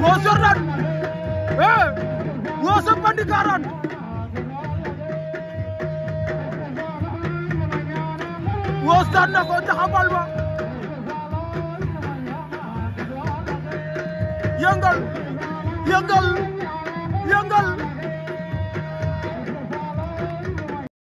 Wo Jordan eh wo Sampandi Karan wo stan na ko taxawal ba yëngal